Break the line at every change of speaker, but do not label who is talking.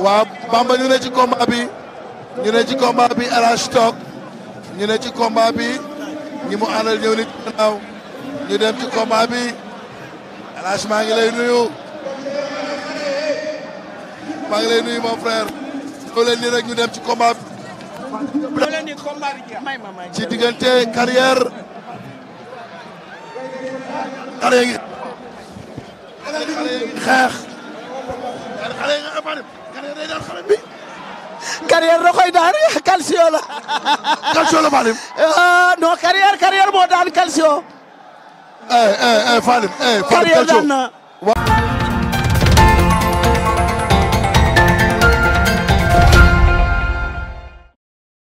waaw Bamba ñu ne ci combat bi ñu ne ci combat bi Alage ñu ne ci combat bi ñi mu àndal ñëw nit ñu dem ci combat bi Alage maa ngi lay nuyu maa nuyu mon frère ñoo leen nii rek ñu dem ci combat bi ci diggante carrière
xale yi
xeex carrière day daan xale bi.
carrière da koy daan calcio la. calcio la Falim. Euh, non carrière carrière moo daan calcio. eh eh eh Falim eh Falim calcio carrière daan na.